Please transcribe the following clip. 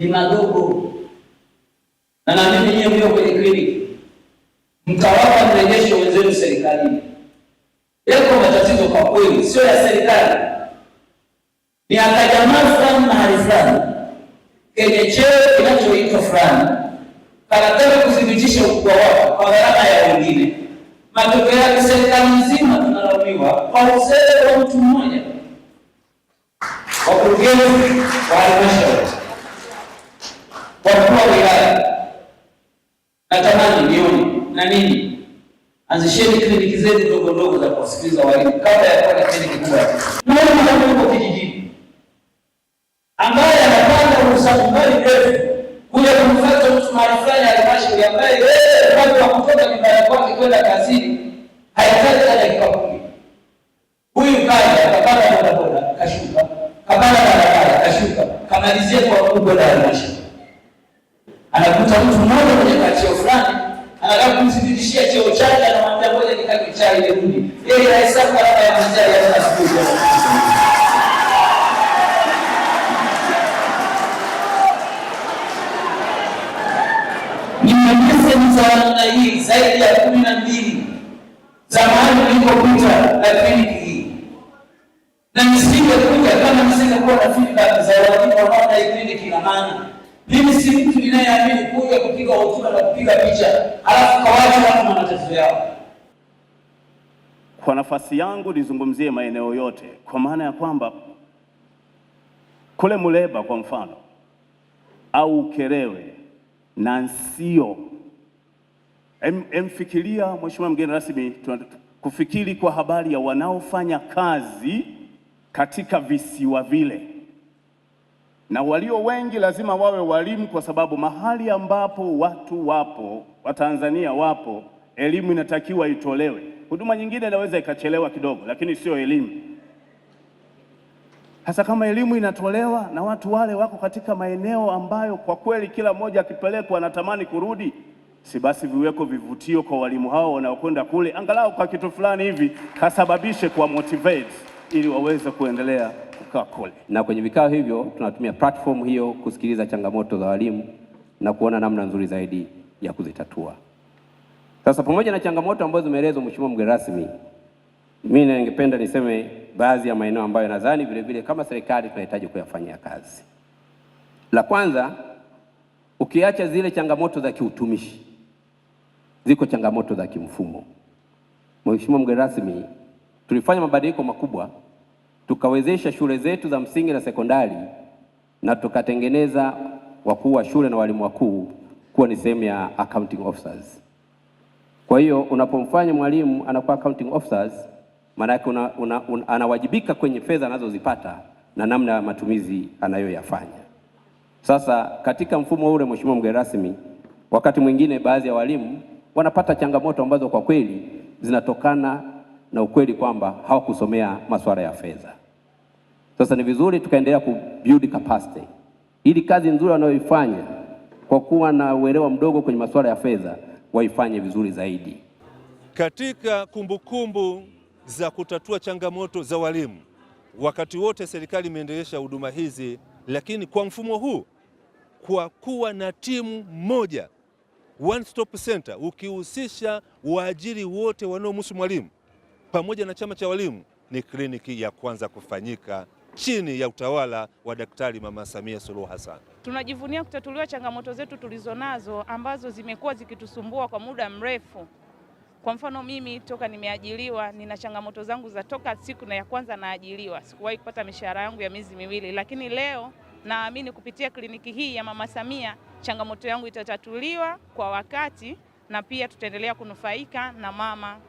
ni madogo, na naamini nyinyi mlio kwenye kliniki mkawapa mrejesho wenzenu serikalini. Yako matatizo kwa kweli sio ya serikali, ni akajamaa fulani mahali fulani kenye cheo kinachoitwa fulani kanataka kuthibitisha ukubwa wako kwa gharama ya wengine. Matokeo yake serikali nzima tunalaumiwa kwa uzee wa mtu mmoja, wakurugenzi wa halmashauri kwa mkuu wa wilaya. Natamani nione na nini, anzisheni kliniki zetu ndogo ndogo za kuwasikiliza walimu kabla ya kuwa na kliniki kubwa. Mwanamke kijijini ambaye anapanda usafiri mbali mrefu kuja kumfuata mtu mahali fulani halmashauri, ambaye watu wa kutoka nyumbani kwake kwenda kazini haitaji hata dakika kumi. Huyu kaja kapanda bodaboda kashuka, kapanda barabara kashuka, kamalizia kwa mkubwa na halmashauri anakuta mtu mmoja kwenye kacheo fulani, anataka kumzidishia cheo chake, anamwambia ngoja nikanywe chai nirudi. Yeye anahesabu gharama ya chai namna hii zaidi ya kumi na mbili zamani hii na nisingekuja kama nisingekuwa na feedback za walimu wa kliniki maana mimi si mtu ninayeamini kuja kupiga hotuba na kupiga picha alafu kawacha watu na matatizo yao. Kwa nafasi yangu nizungumzie maeneo yote, kwa maana ya kwamba kule Muleba kwa mfano au Ukerewe na Nsio, emfikiria mheshimiwa mgeni rasmi, kufikiri kwa habari ya wanaofanya kazi katika visiwa vile na walio wengi lazima wawe walimu, kwa sababu mahali ambapo watu wapo, Watanzania wapo, elimu inatakiwa itolewe. Huduma nyingine inaweza ikachelewa kidogo, lakini sio elimu. Hasa kama elimu inatolewa na watu wale wako katika maeneo ambayo kwa kweli kila mmoja akipelekwa anatamani kurudi, si basi viweko vivutio kwa walimu hao wanaokwenda kule, angalau kwa kitu fulani hivi kasababishe kwa motivate ili waweze kuendelea kukaa kule, na kwenye vikao hivyo tunatumia platform hiyo kusikiliza changamoto za walimu na kuona namna nzuri zaidi ya kuzitatua. Sasa pamoja na changamoto ambazo zimeelezwa, Mheshimiwa mgeni rasmi, mimi ningependa niseme baadhi ya maeneo ambayo nadhani vile vile kama serikali tunahitaji kuyafanyia kazi. La kwanza, ukiacha zile changamoto za kiutumishi, ziko changamoto za kimfumo. Mheshimiwa mgeni rasmi, tulifanya mabadiliko makubwa tukawezesha shule zetu za msingi na sekondari na tukatengeneza wakuu wa shule na walimu wakuu kuwa ni sehemu ya accounting officers. Kwa hiyo unapomfanya mwalimu anakuwa accounting officers, maana yake una, una, una, anawajibika kwenye fedha anazozipata na namna ya matumizi anayoyafanya. Sasa katika mfumo ule, mheshimiwa mgeni rasmi, wakati mwingine baadhi ya walimu wanapata changamoto ambazo kwa kweli zinatokana na ukweli kwamba hawakusomea masuala ya fedha. Sasa ni vizuri tukaendelea build capacity. Ili kazi nzuri wanayoifanya kwa kuwa na uelewa mdogo kwenye masuala ya fedha waifanye vizuri zaidi. Katika kumbukumbu kumbu za kutatua changamoto za walimu, wakati wote serikali imeendelesha huduma hizi, lakini kwa mfumo huu, kwa kuwa na timu moja one stop center, ukihusisha waajiri wote wanaomhusu mwalimu pamoja na chama cha walimu, ni kliniki ya kwanza kufanyika chini ya utawala wa Daktari Mama Samia Suluhu Hassan. Tunajivunia kutatuliwa changamoto zetu tulizonazo ambazo zimekuwa zikitusumbua kwa muda mrefu. Kwa mfano mimi toka nimeajiliwa nina changamoto zangu za toka siku na ya kwanza naajiliwa, sikuwahi kupata mishahara yangu ya miezi miwili, lakini leo naamini kupitia kliniki hii ya Mama Samia changamoto yangu itatatuliwa kwa wakati na pia tutaendelea kunufaika na mama